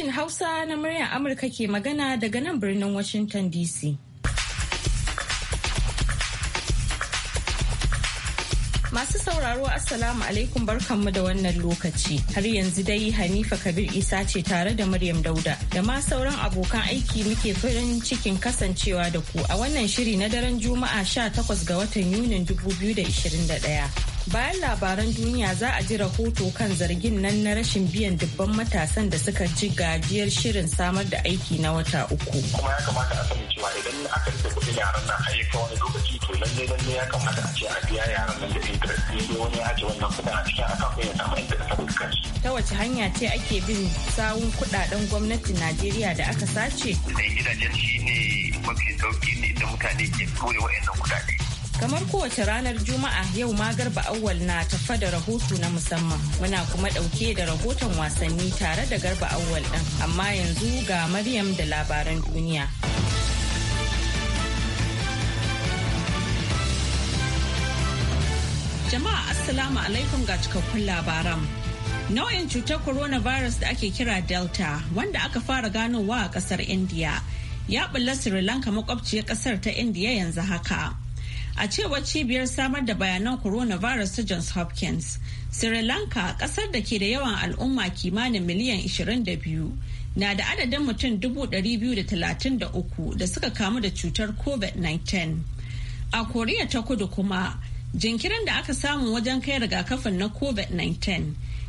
sashin Hausa na muryar Amurka ke magana daga nan birnin Washington DC. Masu sauraro Assalamu alaikum barkanmu da wannan lokaci. Har yanzu dai Hanifa Kabir Isa ce tare da Maryam Dauda da ma sauran abokan aiki muke farin cikin kasancewa da ku a wannan shiri na daren Juma'a 18 ga watan Yunin 2021. Bayan labaran duniya za a ji rahoto kan zargin nan na rashin biyan dubban matasan da suka ci gajiyar shirin samar da aiki na wata uku. Kuma ya kamata a sani cewa idan aka rike kuɗin yaran nan har ya wani lokaci to lalle lalle ya kamata a ce a biya yaran nan da interest ne wani ya ajiye wannan kuɗin a cikin akawun ya samu interest saboda kansu. Ta wace hanya ce ake bin sawun kuɗaɗen gwamnatin Najeriya da aka sace? Da gidajen shi ne mafi sauƙi ne da mutane ke ɓoye wa'annan kuɗaɗe. Kamar kowace ranar Juma'a yau ma garba awwal na tafa da rahoto na musamman. Muna kuma ɗauke da rahoton wasanni tare da garba awwal ɗin. Amma yanzu ga Maryam da labaran duniya. Jama'a Assalamu alaikum ga cikakkun labaran. Nau'in cutar coronavirus da ake kira Delta wanda aka fara ganowa a kasar India ya bulla Sri Lanka makwabciyar kasar ta India yanzu haka. A cewar cibiyar samar da bayanan coronavirus ta Johns Hopkins, Sri Lanka kasar da ke da yawan al'umma kimanin miliyan 22 na da adadin mutum 233 da suka kamu da cutar COVID-19. A Koriya ta kudu kuma, jinkirin da aka samu wajen kai rigakafin na COVID-19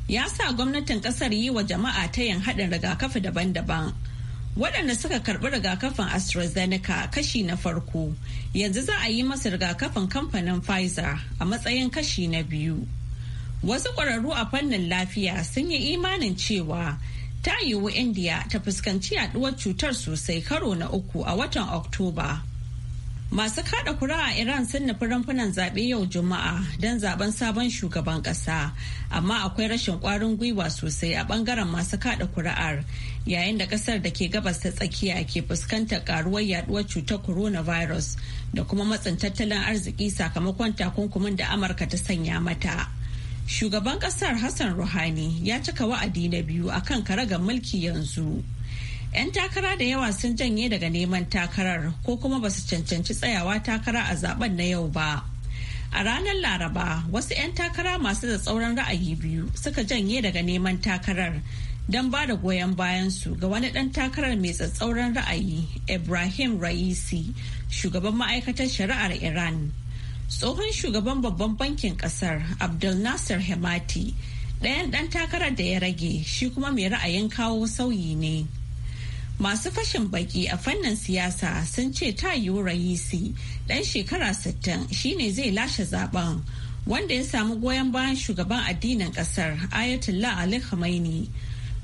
ya sa gwamnatin kasar yi wa jama'a ta yin haɗin rigakafi daban-daban. Waɗanda suka karɓi rigakafin AstraZeneca kashi na farko yanzu za a yi masa rigakafin kamfanin Pfizer a matsayin kashi na biyu. Wasu ƙwararru a fannin lafiya sun yi imanin cewa ta yiwu India ta fuskanci yaɗuwar cutar sosai karo na uku a watan Oktoba Masu kada kura a Iran sun nufi rumfunan zaɓe yau Juma'a don zaben sabon shugaban ƙasa, amma akwai rashin ƙwarin gwiwa sosai a ɓangaren masu kada kura'ar yayin da ƙasar da ke gabas ta tsakiya ke fuskantar ƙaruwar yaduwar cutar coronavirus da kuma matsin tattalin arziki sakamakon takunkumin da Amurka ta sanya mata. Shugaban ƙasar Hassan Rouhani ya cika wa'adi na biyu akan ga mulki yanzu. 'Yan takara da yawa sun janye daga neman takarar ko kuma ba su cancanci tsayawa takara a zaben na yau ba. A ranar Laraba, wasu 'yan takara masu da tsauran ra'ayi biyu suka janye daga neman takarar don ba da goyon bayansu ga wani ɗan takarar mai tsatsauran ra'ayi, Ibrahim Raisi, shugaban ma'aikatar shari'ar Iran. Tsohon shugaban babban bankin ƙasar, Abdul Nasir Hemati, ɗayan ɗan takarar da ya rage, shi kuma mai ra'ayin kawo sauyi ne. masu fashin baki a fannin siyasa sun ce ta yiwu rayisi dan shekara 60 shine zai lashe zaben wanda ya samu goyon bayan shugaban addinin kasar ayatollah ali khamenei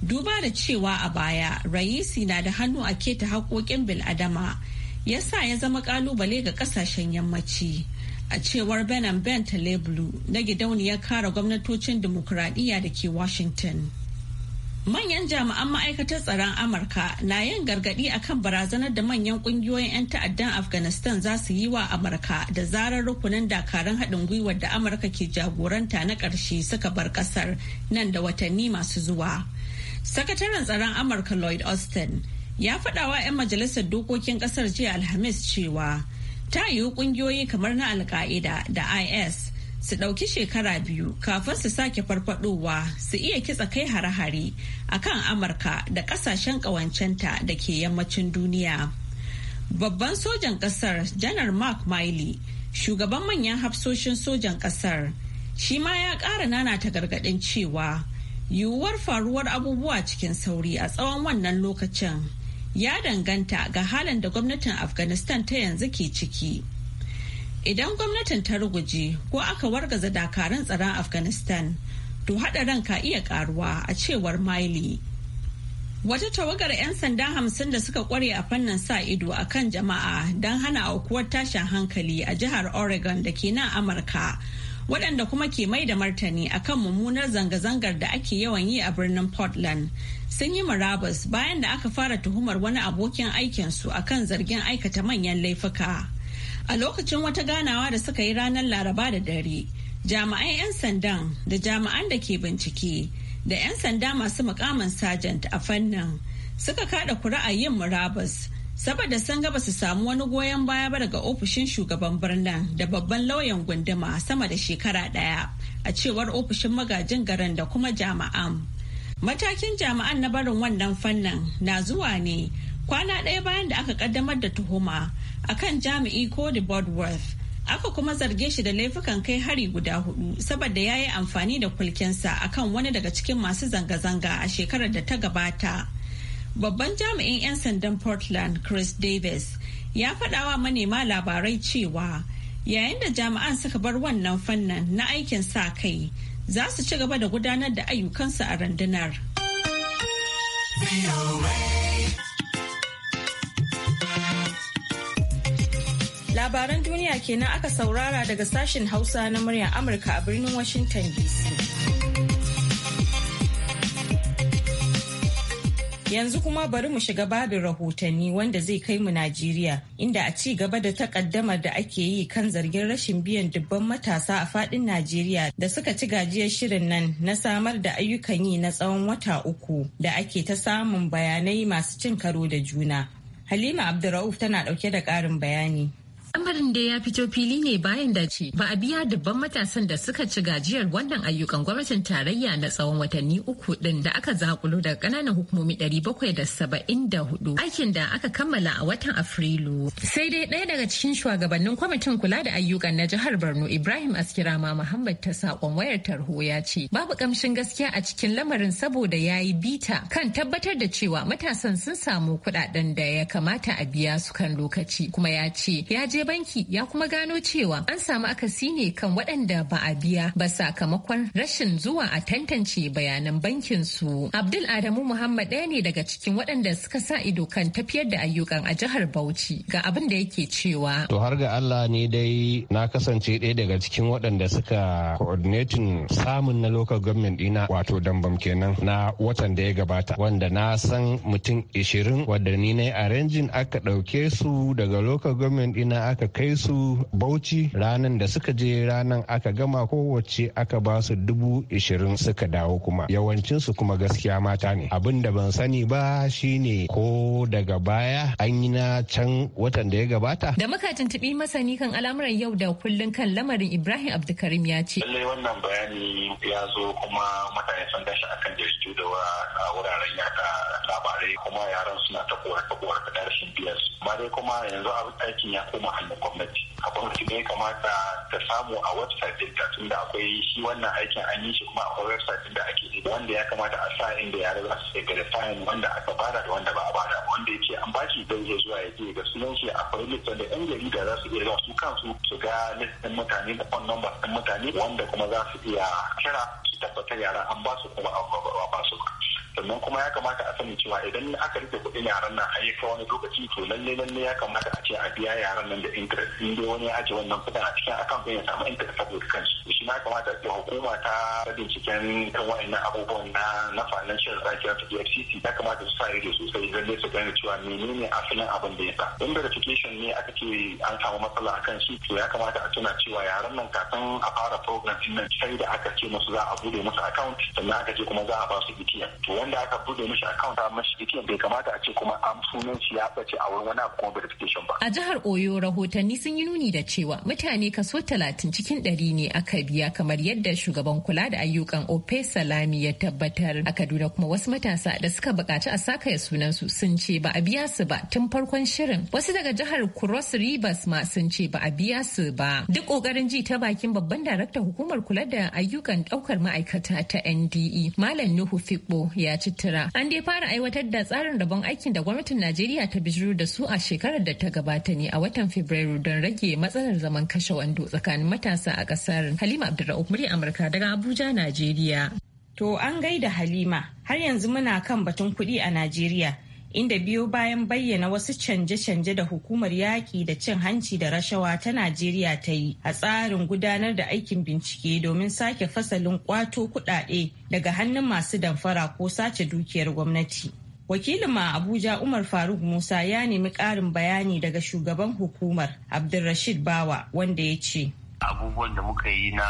duba da cewa a baya rayisi na da hannu a keta haƙoƙin bil'adama ya sa ya zama kalubale ga kasashen yammaci a cewar benin ben taleblu na gidauniyar kare gwamnatocin dimokuraɗiyya da ke washington Manyan jami'an ma'aikatar tsaron Amurka na yin gargaɗi kan barazanar da manyan ƙungiyoyin 'yan ta'addan Afghanistan za su yi wa Amurka da zarar rukunin dakarun haɗin gwiwar da Amurka ke jagoranta na ƙarshe suka bar ƙasar nan da watanni masu zuwa. Sakataren tsaron Amurka Lloyd Austin ya faɗa wa 'yan majalisar dokokin ƙasar jiya Alhamis cewa ta yiwu ƙungiyoyi kamar na Alka'ida da IS su ɗauki shekara biyu kafin su sake farfadowa su iya kitsa kai hare-hare a kan amurka da ƙasashen ƙawancenta da ke yammacin duniya babban sojan ƙasar janar mark miley shugaban manyan hafsoshin sojan ƙasar shi ma ya ƙara nana ta gargaɗin cewa yiwuwar faruwar abubuwa cikin sauri a tsawon wannan lokacin ya danganta ga halin da gwamnatin afghanistan ta yanzu ke ciki. Idan gwamnatin ta ruguje ko aka wargaza dakarun tsaron Afghanistan, to haɗarin ka iya ƙaruwa a cewar Miley. Wata tawagar 'yan sanda hamsin da suka kware a fannin sa ido a kan jama'a don hana aukuwar tashin hankali a jihar Oregon da ke nan Amurka, waɗanda kuma ke mai da martani a kan mummunar zanga-zangar da ake yawan yi a birnin Portland. Sun yi murabus bayan da aka fara tuhumar wani abokin aikinsu a kan zargin aikata manyan laifuka. A lokacin wata ganawa da suka yi ranar Laraba da dare, jami'an 'yan sandan da jami'an da ke bincike da 'yan sanda masu mukamin sajent a fannin suka kada kuri'a yin murabus saboda sun gaba su samu wani goyon baya ba daga ofishin shugaban birnin da babban lauyan gunduma sama da shekara daya a cewar ofishin magajin garin da kuma jama'an matakin jama'an na barin wannan fannin na zuwa ne kwana ɗaya bayan da aka kaddamar da tuhuma akan jami'i Cody Bodworth. Aka kuma zarge shi da laifukan kai hari guda hudu saboda ya yi amfani da a akan wani daga cikin masu zanga-zanga a shekarar da ta gabata. Babban jami'in 'yan sandan Portland, Chris Davis, ya faɗawa manema labarai cewa yayin da jami'an suka bar wannan fannin na aikin sa kai za su ci gaba da gudanar da ayyukansu a rundunar. Labaran duniya kenan aka saurara daga sashen Hausa na muryar Amurka a birnin Washington DC. Yanzu kuma bari mu shiga babin rahotanni wanda zai kai mu Najeriya inda a ci gaba da takaddamar da ake yi kan zargin rashin biyan dubban matasa a fadin Najeriya da suka ci gajiyar shirin nan na samar da ayyukan yi na tsawon wata uku da ake ta samun bayanai masu cin karo da juna. Halima Abdurrauf tana ɗauke da ƙarin bayani. Lamarin da ya fito fili ne bayan da ce ba a biya dubban matasan da suka ci gajiyar wannan ayyukan gwamnatin tarayya na tsawon watanni uku din da aka zakulo daga ƙananan hukumomi bakwai da da saba'in hudu aikin da aka kammala a watan Afrilu. Sai dai ɗaya daga cikin shugabannin kwamitin kula da ayyukan na jihar Borno Ibrahim Askirama Muhammad ta saƙon wayar tarho ya ce babu ƙamshin gaskiya a cikin lamarin saboda ya yi bita kan tabbatar da cewa matasan sun samu kuɗaɗen da ya kamata a biya su kan lokaci kuma ya ce ya ji je banki ya kuma gano cewa an samu akasi ne kan waɗanda ba a biya ba sakamakon rashin zuwa a tantance bayanan bankin su. Abdul Adamu Muhammad ɗaya ne daga cikin waɗanda suka sa ido kan tafiyar da ayyukan a jihar Bauchi ga abin da yake cewa. To har ga Allah ne dai na kasance ɗaya daga cikin waɗanda suka coordinating samun na local government ɗina wato dambam kenan na watan da ya gabata wanda na san mutum 20 wadda ni na arranging aka ɗauke su daga local government ɗina zaka aka kai su bauchi ranan da suka je ranan aka gama kowace aka ba su dubu ishirin suka dawo kuma yawancinsu kuma gaskiya mata ne abin da ban sani ba shine ko daga baya an yi na can watan da ya gabata da muka tuntubi masani kan al'amuran yau da kullun kan lamarin ibrahim abdulkarim ya ce lallai wannan bayani ya zo kuma mutane sun dashi akan su da wuraren yada labarai kuma yaran suna ta korafe da rashin biyar su dai kuma yanzu aikin ya koma hannun gwamnati a gwamnati ne kamata ta samu a website ɗinta tunda akwai shi wannan aikin an yi shi kuma akwai website ɗin da ake yi wanda ya kamata a sa inda yara za su ga da wanda aka bada da wanda ba a bada wanda ya ce an bashi zai iya zuwa ya je ga sunan shi akwai listan da yan jarida za su iya zuwa su kansu su ga listin mutane da phone number ɗin mutane wanda kuma za su iya kira su tabbatar yara an ba su kuma a ba su ba sannan kuma ya kamata a sani cewa idan aka rike kuɗin yaran nan a kai wani lokaci to lalle lalle ya kamata a ce a biya yaran nan da interest in dai wani ya ajiye wannan kuɗin a cikin akan ɗin ya samu interest saboda kansu shi ma kamata a ce hukuma ta binciken kan wa'annan abubuwan na na financial rights ta FCC ya kamata su sa ido sosai lalle su gane cewa menene asalin abin da ya sa in verification ne aka ce an samu matsala a kan shi to ya kamata a tuna cewa yaran nan kafin a fara program din nan sai da aka ce musu za a bude musu account sannan aka ce kuma za a ba su ETM to wanda aka bude mishi account a mashi ATM bai kamata a ce kuma an sunan shi ya bace a wurin wani abu kuma verification ba. A jihar Oyo rahotanni sun yi nuni da cewa mutane kaso talatin cikin ɗari ne aka biya kamar yadda shugaban kula da ayyukan Ope Salami ya tabbatar. A Kaduna kuma wasu matasa da suka bukaci a saka sunan sunansu sun ce ba a biya su ba tun farkon shirin. Wasu daga jihar Cross Rivers ma sun ce ba a biya su ba. Duk ƙoƙarin ji ta bakin babban daraktan hukumar kula da ayyukan ɗaukar ma'aikata ta NDE Malam Nuhu Fikbo ya ya cittira. An dai fara aiwatar da tsarin rabon aikin da gwamnatin Najeriya ta bijiro da su a shekarar da ta gabata ne a watan Fabrairu don rage matsalar zaman kashe wando tsakanin matasa a kasar. Halima Abdulrahman Amurka daga Abuja, Najeriya. To an gaida Halima, har yanzu muna kan batun kuɗi a Najeriya. inda biyo bayan bayyana wasu canje-canje da hukumar yaƙi da cin hanci da rashawa ta Najeriya ta yi a tsarin gudanar da aikin bincike domin sake fasalin kwato kuɗaɗe daga hannun masu damfara ko sace dukiyar gwamnati. Wakilin ma Abuja Umar Faruk Musa ya nemi ƙarin bayani daga shugaban hukumar Abdulrashid Bawa wanda ya ce. abubuwan da muka yi na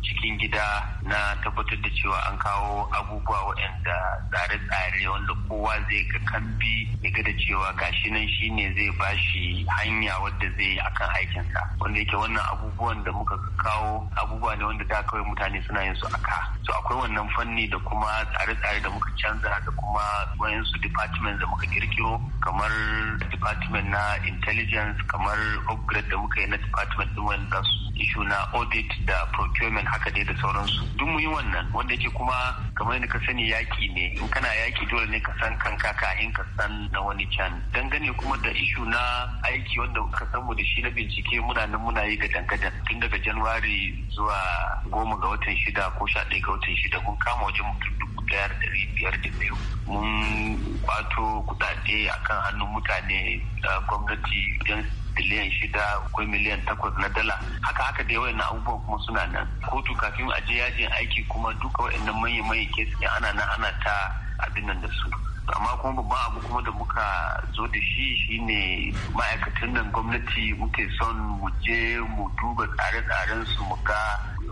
cikin gida na tabbatar da cewa an kawo abubuwa waɗanda tsare-tsare wanda kowa zai ga kambi ya ga da cewa gashi nan shi ne zai shi hanya wadda zai yi akan aikinsa wanda yake wannan abubuwan da muka kawo abubuwa ne wanda da kawai mutane suna yin su aka so akwai wannan fanni da kuma tsare-tsare da muka canza da kuma wayansu department da muka kirkiro kamar department na intelligence kamar upgrade da muka yi na department din wanda su ishu na audit da procurement haka dai da sauransu duk mu yi wannan wanda yake kuma kamar yadda ka sani yaki ne in kana yaki dole ne ka san kanka kahin ka san na wani can dangane kuma da ishu na aiki wanda ka san mu da shi na bincike muna nan muna yi ga dangadan tun daga january zuwa goma ga watan shida ko sha ɗaya ga watan shida kun kama wajen mutum biyar ɗari biyar da biyu mun kwato kudade akan hannun mutane gwamnati don miliyan shida ko miliyan takwas na dala haka haka da yawan abubuwan kuma suna nan kotu kafin a je yajin aiki kuma duka waɗannan manyan manyan ne ana nan ana ta abin nan da su amma kuma babban abu kuma da muka zo da shi shine ma'aikatan nan gwamnati muke son mu je mu duba tsare-tsaren su mu ga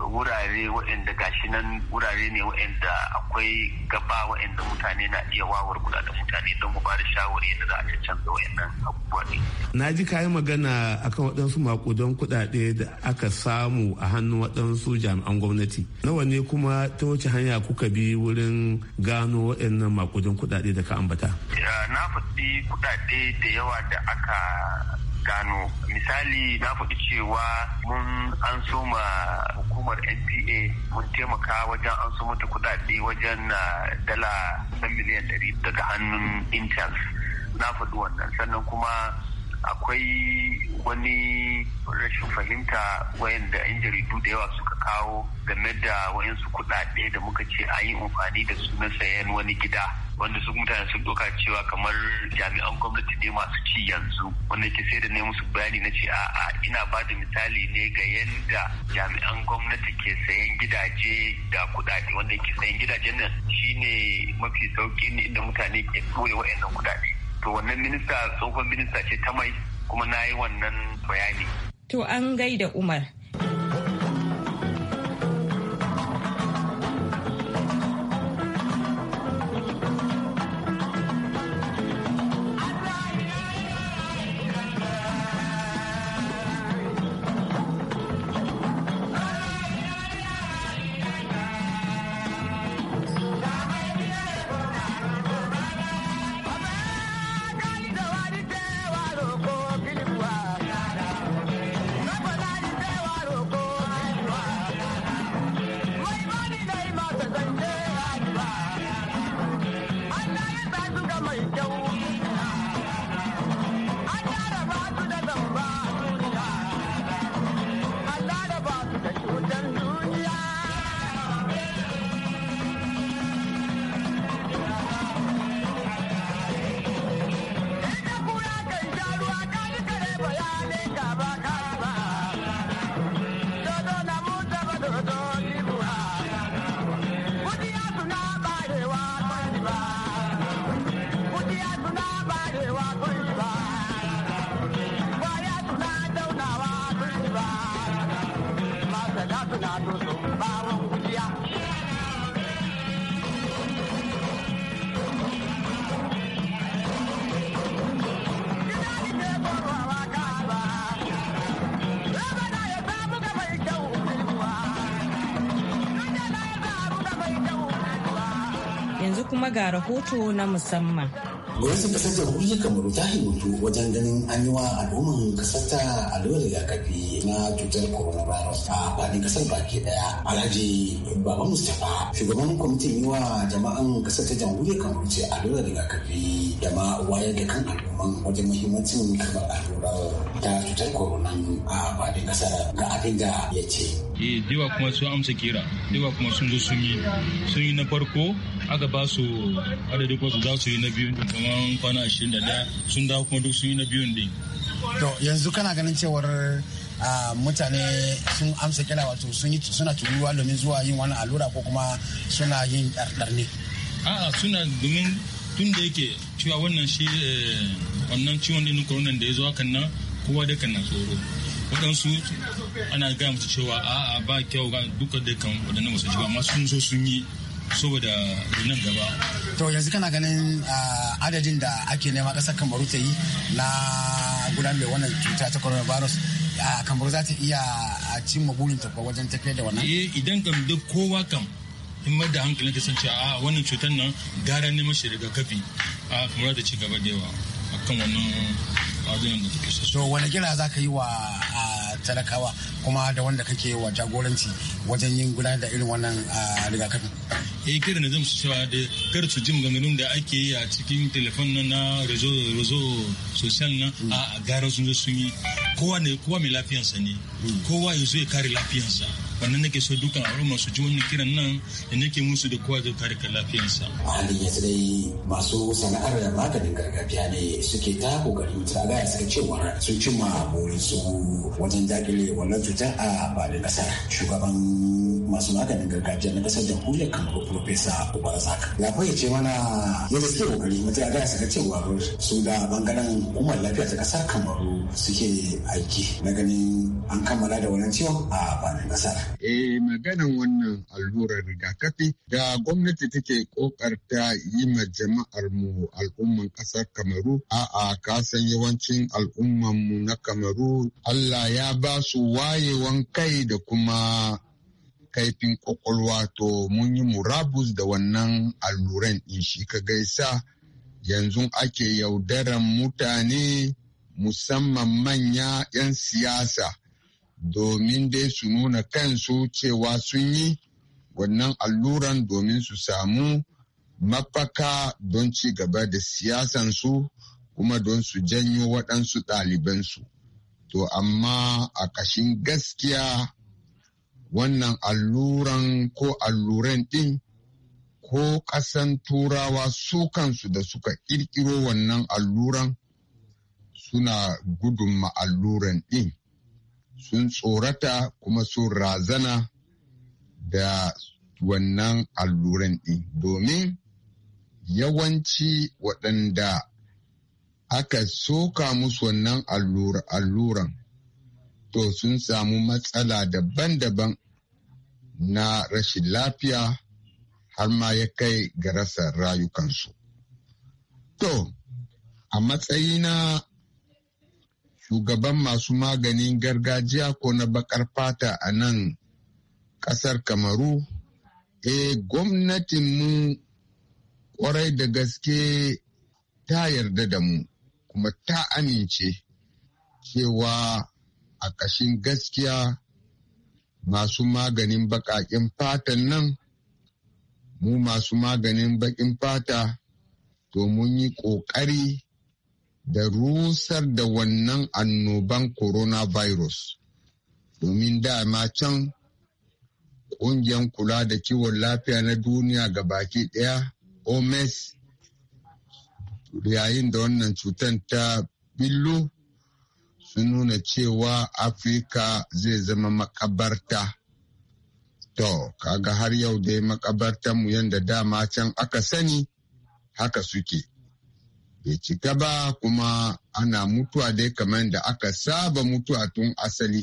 wurare waɗanda gashi nan wurare ne waɗanda akwai gaba waɗanda mutane na iya wawar kula da mutane don mu ba da shawari yadda za a canza waɗannan abubuwa ne. Na ji yi magana akan waɗansu makudan kuɗaɗe da aka samu a hannun waɗansu jami'an gwamnati. Nawa ne kuma ta wace hanya kuka bi wurin gano waɗannan makudan kuɗaɗe da ka ambata? Eh, na faɗi kuɗaɗe da yawa da aka gano misali na faɗi cewa mun an soma hukumar npa mun taimaka wajen an so mata kudade wajen dala miliyan 100 daga hannun intel na faɗi wannan sannan kuma akwai wani rashin fahimta wayanda 'yan jaridu da yawa suka kawo game da wayansu kuɗaɗe da muka ce an yi amfani da su na sayan wani gida wanda su mutane sun doka cewa kamar jami'an gwamnati ne masu ci yanzu wanda ke sai da ne musu bayani na ce a'a ina ba da misali ne ga yadda jami'an gwamnati ke sayan gidaje da kudade wanda ke sayan gidajen nan shine mafi sauki ne inda mutane ke ɗore wa'annan kudade to wannan minista tsohon minista ce ta mai kuma na yi wannan bayani. To an gaida Umar. kuma ga rahoto na musamman. Gwamnati kasar jamhuriyar Kamaru ta hibutu wajen ganin an yi wa al'umman kasar ta allurar rigakafi na cutar coronavirus a faɗin kasar baki daya. Alhaji Baba Mustapha shugaban kwamitin yi wa jama'an kasar ta jamhuriyar Kamaru ce allurar rigakafi da ma wayar da kan al'umman wajen muhimmancin karɓar allurar. ta cutar corona a faɗin ƙasar ga abin da ya ce. Eh, dewa kuma sun amsa kira, dewa kuma sun zo sun yi, sun yi na farko aka ba su adadin kwasu za su yi na biyun kamar kwana ashirin da ɗaya sun dawo kuma duk sun yi na biyun din. To yanzu kana ganin cewar Uh, mutane sun amsa kira wato suna turuwa domin zuwa yin wani allura ko kuma suna yin ɗarɗar ne. A'a suna domin tun da yake cewa wannan shi eh, wannan ciwon din corona da ya zo hakan nan kowa da kan na tsoro waɗansu ana gaya musu cewa a'a ba kyau ga dukkan da kan waɗannan masu shiga masu sun so sun yi saboda nan gaba. To yanzu kana ganin adadin da ake nema ƙasar Kamaru ta yi na gudanar da wannan cuta ta coronavirus Kamaru za ta iya cin burinta ko wajen tafiya da wannan? Eh idan kan duk kowa kan in mai da hankalin ta san cewa a wannan cutar nan gara neman shi rigakafi a kamar ta ci gaba da yawa akan wannan wani gina za ka yi wa talakawa kuma da wanda kake wa jagoranci wajen yin gudanar da irin wannan rigakafin eh kada na su cewa da kar su ji maganganun da ake yi a cikin telefon na na rezo rezo social na mm. a gara sun zo sun yi kowa ne kowa mai lafiyansa ne mm. kowa ya zo ya kare lafiyansa wannan nake so dukan al'umma masu ji wannan kiran nan da nake musu da kowa zai kare kan lafiyarsa a halin yanzu dai masu sana'ar maganin gargajiya ne suke ta kokari ta gaya suka cewa sun cimma burinsu wajen dakile wannan cutar a faɗin ƙasar shugaban masu maganin gargajiya na kasar jamhuriyar kamaru profesa ubarazak ya fayyace mana yadda suke kokari mutum ya saka cewa su da bangaren hukumar lafiya ta kasar kamaru suke aiki na ganin an kammala da wannan ciwon a faɗin kasar. eh maganan wannan allurar rigakafi da gwamnati take ta yi ma jama'ar mu al'umman kasar kamaru a'a ka san yawancin al'umman mu na kamaru Allah ya ba su wayewan kai da kuma kaifin kwakwalwa to mun yi murabus da wannan alluran in shi ka gaisa yanzu ake yaudaran mutane musamman manya 'yan siyasa domin dai su nuna kansu cewa sun yi wannan alluran domin su samu mafaka don ci gaba da siyasansu kuma don su janyo waɗansu ɗalibansu. To amma a ƙashin gaskiya wannan alluran ko alluran ɗin ko ƙasan turawa su kansu da suka ƙirƙiro wannan alluran suna gudun alluran ɗin sun tsorata kuma sun razana da wannan alluran ɗin domin yawanci waɗanda aka soka musu wannan alluran to sun samu matsala daban-daban na rashin lafiya har ma ya kai ga rasa rayukansu. To, a matsayi na shugaban masu maganin gargajiya ko na bakar fata a nan ƙasar Kamaru, e eh, gwamnatinmu ƙwarai da gaske ta yarda da mu kuma ta amince cewa a ƙashin gaskiya masu maganin baƙaƙen fatan nan mu masu maganin baƙin fata to mun yi ƙoƙari da rusar da wannan annoban coronavirus domin dama can ƙungiyar kula da kiwon lafiya na duniya ga baki ɗaya omes yayin da wannan cutar ta billo sun nuna cewa afirka zai zama makabarta to kaga har yau dai mu yadda dama can aka sani haka suke bai cika ba kuma ana mutuwa dai kamar da aka saba mutuwa tun asali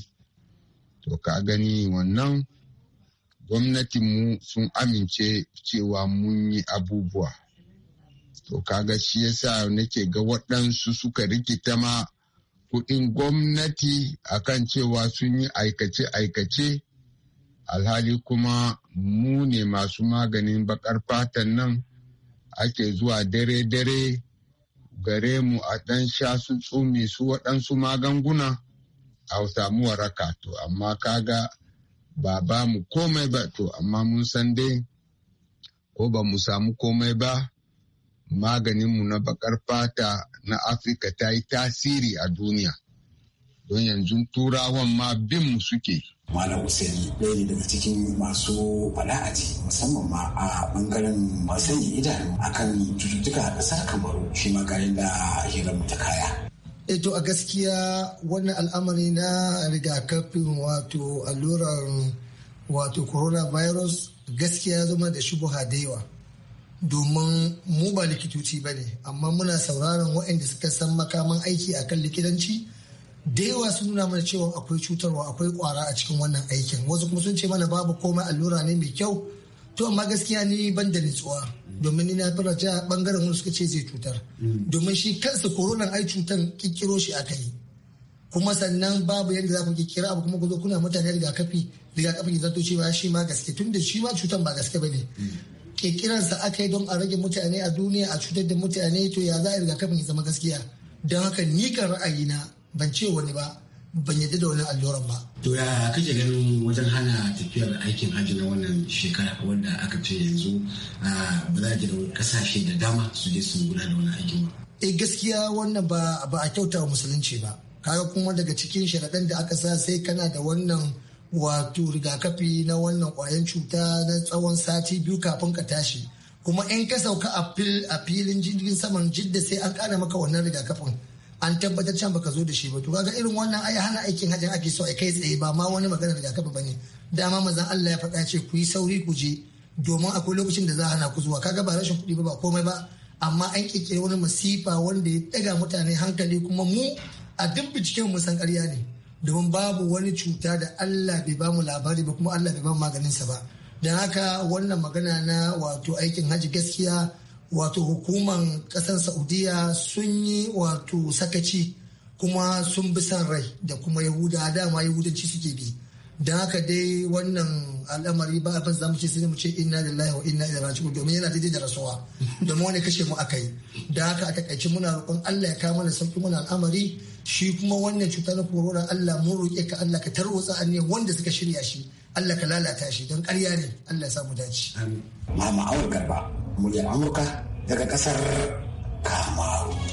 to ka gani wannan gwamnatinmu sun amince cewa mun yi abubuwa to kaga shi yasa nake ga waɗansu suka rikita ma kuɗin gwamnati a kan cewa sun yi aikace-aikace alhali kuma mu ne masu maganin bakar fatan nan ake zuwa dare-dare gare mu a ɗan sha su tsumi su waɗansu magunguna a samu waraka to amma kaga ba ba mu komai ba to amma mun san dai ko ba mu samu komai ba maganinmu na bakar fata na afirka ta yi tasiri a duniya don yanzu turawan ma binmu suke Malam Usaini ɗaya ne daga cikin masu fala'aji musamman ma a ɓangaren masani idanu akan cututtuka a ƙasar Kamaru shi ma da hirar ta kaya. Eto eh a gaskiya wannan al'amari na rigakafin wato allurar wato coronavirus gaskiya ya zama da shubuha da yawa. domin mu ba likitoci ba ne amma muna sauraron waɗanda suka san makaman aiki a kan likitanci da yawa sun nuna mana cewa akwai cutarwa akwai kwara a cikin wannan aikin wasu kuma sun ce mana babu komai allura ne mai kyau to amma gaskiya ni ban da nutsuwa domin ni na fara ta bangaren wani suka ce zai cutar mm. domin shi kansa korona ai cutar kikkiro shi aka yi kuma sannan babu yadda za ku kikkira abu kuma ku zo kuna mutane rigakafi rigakafi ne zato cewa shi ma gaske tun da shi ma cutan ba gaske ba ne mm. sa aka yi don a rage mutane a duniya a cutar da mutane to ya za a rigakafin ya zama gaskiya don haka ni kan na, ban ce wani ba ban yadda da wani alluran ba. To ya kake ganin wajen hana tafiyar aikin hajji na wannan shekara wanda aka ce yanzu ba za a kasashe da dama su je su gudanar da wani aikin ba. Eh gaskiya wannan ba a kyautawa musulunci ba. Kaga kuma daga cikin sharaɗan da aka sa sai kana da wannan wato rigakafi na wannan kwayan cuta na tsawon sati biyu kafin ka tashi kuma in ka sauka a filin jirgin saman jidda sai an kara maka wannan rigakafin an tabbatar can baka zo da shi ba to kaga irin wannan ai hana aikin hajjin ake so a kai tsaye ba ma wani magana rigakafi ba bane dama mazan Allah ya faɗa ce ku yi sauri ku je domin akwai lokacin da za a hana ku zuwa kaga ba rashin kuɗi ba ba komai ba amma an kirkiri wani masifa wanda ya ɗaga mutane hankali kuma mu a duk binciken mu san ƙarya ne domin babu wani cuta da Allah bai bamu labari ba kuma Allah bai bamu sa ba dan haka wannan magana na wato aikin hajji gaskiya wato hukuman ƙasar saudiya sun yi wato sakaci kuma sun bi san rai da kuma yahuda dama yahudanci suke bi Da haka dai wannan al'amari ba abin zamu ce sai mu ce inna lillahi wa inna ilaihi raji'un domin yana daidai da rasuwa domin wani kashe mu akai Da haka a takaice muna roƙon Allah ya kawo mana sauki muna al'amari shi kuma wannan cuta na corona Allah mun roƙe ka Allah ka tarwatsa aniyar wanda suka shirya shi Allah ka lalata shi don ƙarya ne Allah ya samu dace mama awul garba muryar amurka daga ƙasar kamaru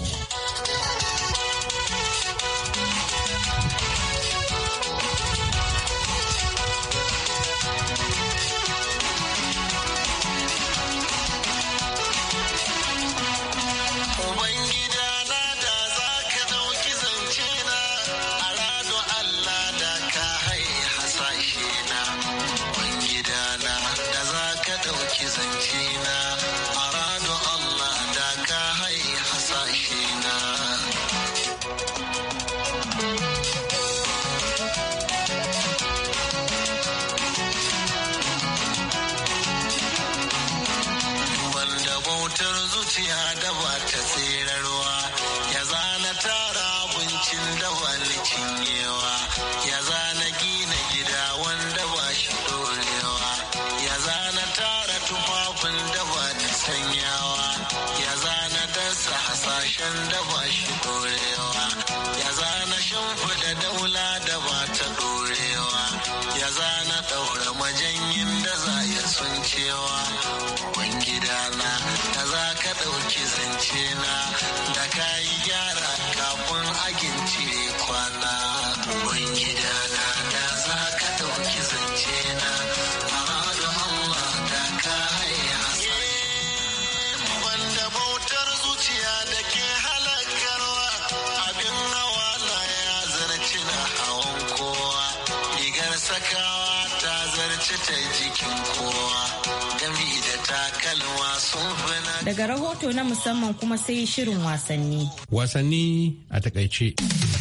Daga rahoto na musamman kuma sai shirin wasanni. Wasanni a takaice.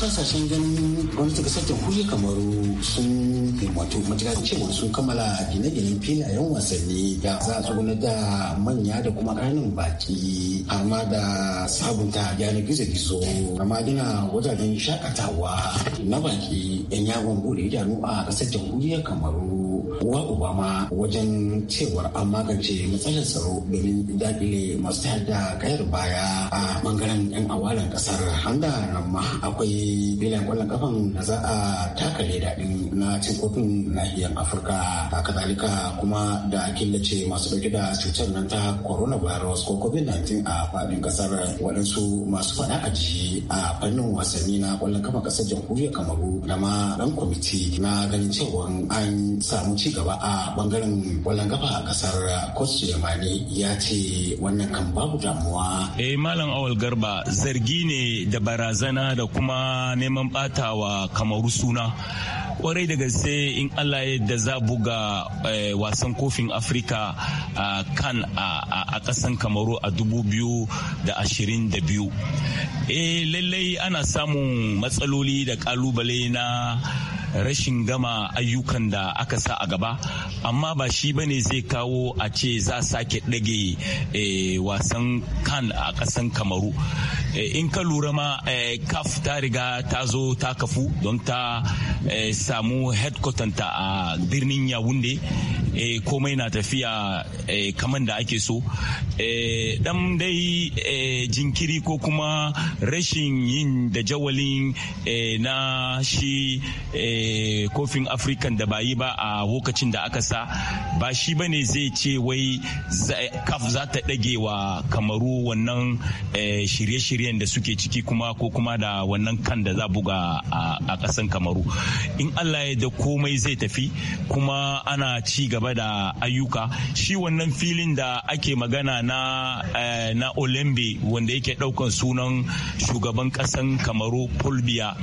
wasu hasashen ganin gwamnatin kasar jamhuriyar kamaru sun wato matuƙar cewa sun kammala gine-ginen filayen wasanni da za a da manya da kuma ƙananan baki har ma da sabunta yanar gizo-gizo har ma gina wajajen shakatawa na baki yan yawon bude idanu a ƙasar jamhuriyar kamaru uwa obama wajen cewar an magance matsalar tsaro domin daƙile masu tayar da kayar baya a bangaren yan awalan kasar hanga ma akwai biliyan kwallon kafan da za a taka daɗin na cin kofin nahiyar afirka a kazalika kuma da killace masu ɗauke da cutar nan ta coronavirus ko covid-19 a faɗin ƙasar waɗansu masu faɗa a ji a fannin wasanni na kwallon kafa ƙasar jamhuriyar kamaru da ma ɗan kwamiti na ganin cewa an samu ci gaba a bangaren kwallon kafa a ƙasar coach sulemani ya ce wannan kan babu damuwa. eh malam awal garba zargi ne da barazana da kuma Ana neman bata wa kamaru suna kwarai da gaske in allah yadda za buga eh, wasan kofin afirka a kan a kasan kamaru a dubu biyu. eh lallai ana samun matsaloli da kalubale na rashin gama ayyukan da aka sa a gaba amma ba shi ba ne zai kawo a ce za sake ɗage eh, wasan kan a ƙasan kamaru eh, in ka lura ma kaf eh, ta riga ta zo ta kafu don ta samu ta a birnin yawunde komai na tafiya kaman da ake so dan dai jinkiri ko kuma rashin yin da jawalin na shi kofin african da ba yi ba a lokacin da aka sa ba shi ba ne zai ce wai kaf za ta ɗage wa kamaru wannan eh, shirye-shiryen da suke ciki kuma ko kuma da wannan kan da za buga a ƙasan kamaru in allah ya da komai zai tafi kuma ana ci gaba da ayyuka shi wannan filin da ake magana na eh, na olembe wanda yake ɗaukan sunan shugaban ƙasan kamaru polbia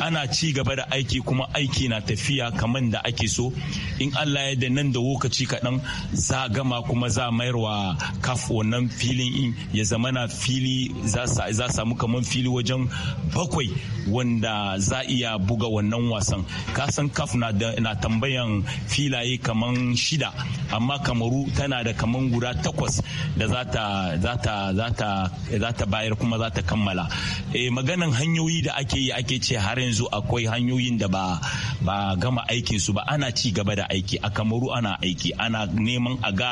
ana ci gaba da aiki kuma aiki na tafiya kamar da ake so in allah ya da nan da lokaci kaɗan za gama kuma za a mayar wa kaf wannan filin in ya zama na fili za samu kamar fili wajen bakwai wanda za a iya buga wannan wasan kasan kaf na tambayan filaye kaman shida amma kamaru tana da kaman guda takwas da za ta bayar kuma za ta kammala eh, maganan hanyoyi da ake yi ake ce har yanzu akwai hanyoyin da ba ba gama aikin su ba ana ci gaba da aiki a kamaru ana aiki ana neman a ga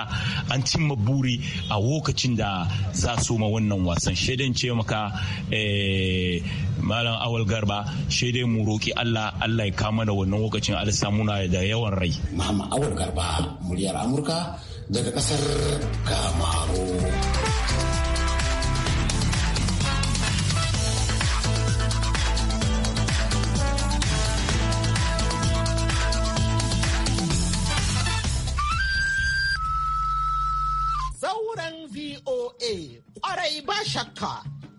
an cimma buri a lokacin da za su ma wannan wasan shaidan ce maka eh, malam awal garba shaidan mu roki Allah Allah ya kama da wannan lokacin alisa muna da yawan rai mama awal garba muryar Amurka daga kasar Kamaru Eh, ƙwarai ba shakka.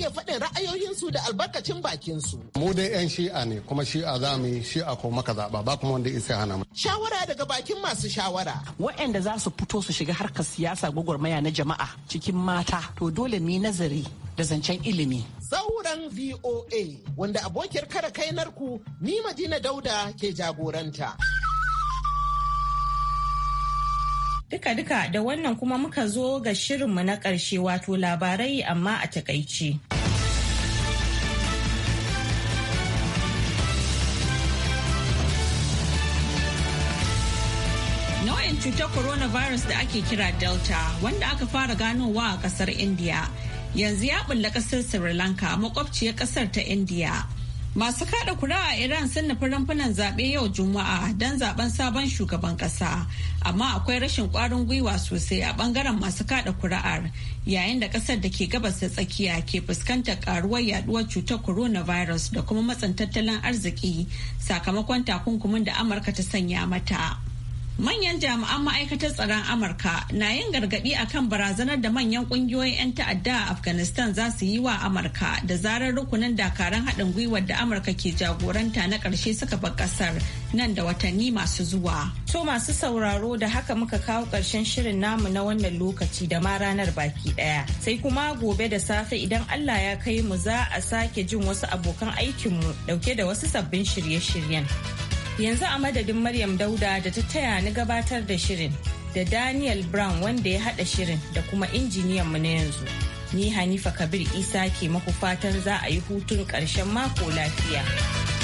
iya faɗin ra'ayoyinsu da albarkacin bakinsu. Mu dai 'yan shi'a ne kuma shi'a za mu yi shi'a ko maka zaɓa ba kuma wanda isa hana mu. Shawara daga bakin masu shawara. Waɗanda za su fito su shiga harkar siyasa gwagwarmaya na jama'a cikin mata to dole mu nazari da zancen ilimi. Sauran VOA wanda abokiyar kare kainarku ni Madina Dauda ke jagoranta. Duka-duka da wannan kuma muka zo ga shirinmu na ƙarshe wato labarai amma a takaici. cutar coronavirus da ake kira delta wanda aka fara ganowa a kasar india yanzu ya bulla kasar sri lanka makwabciyar kasar ta india masu kada kura a iran sun nufi rumfunan zaɓe yau juma'a don zaben sabon shugaban ƙasa amma akwai rashin ƙwarin gwiwa sosai a ɓangaren masu kada kura'ar yayin da ƙasar da ke gabas da tsakiya ke fuskantar ƙaruwar yaduwar cutar coronavirus da kuma matsin tattalin arziki sakamakon takunkumin da amurka ta sanya mata Manyan jami'an ma'aikatar tsaron Amurka na yin gargaɗi kan barazanar da manyan ƙungiyoyin 'yan ta'adda a Afghanistan za su yi wa Amurka da zarar rukunin dakaran haɗin gwiwar da Amurka ke jagoranta na ƙarshe suka bar ƙasar nan da watanni masu zuwa. To masu sauraro da haka muka kawo ƙarshen shirin namu na wannan lokaci da ma ranar baki ɗaya. Sai kuma gobe da safe idan Allah ya kai mu za a sake jin wasu abokan aikinmu ɗauke da wasu sabbin shirye-shiryen. Yanzu a madadin Maryam Dauda da ta taya ni gabatar da shirin da Daniel Brown wanda ya haɗa shirin da kuma injiniyan mu na yanzu. Ni Hanifa Kabir Isa ke maku fatan za a yi hutun ƙarshen mako lafiya.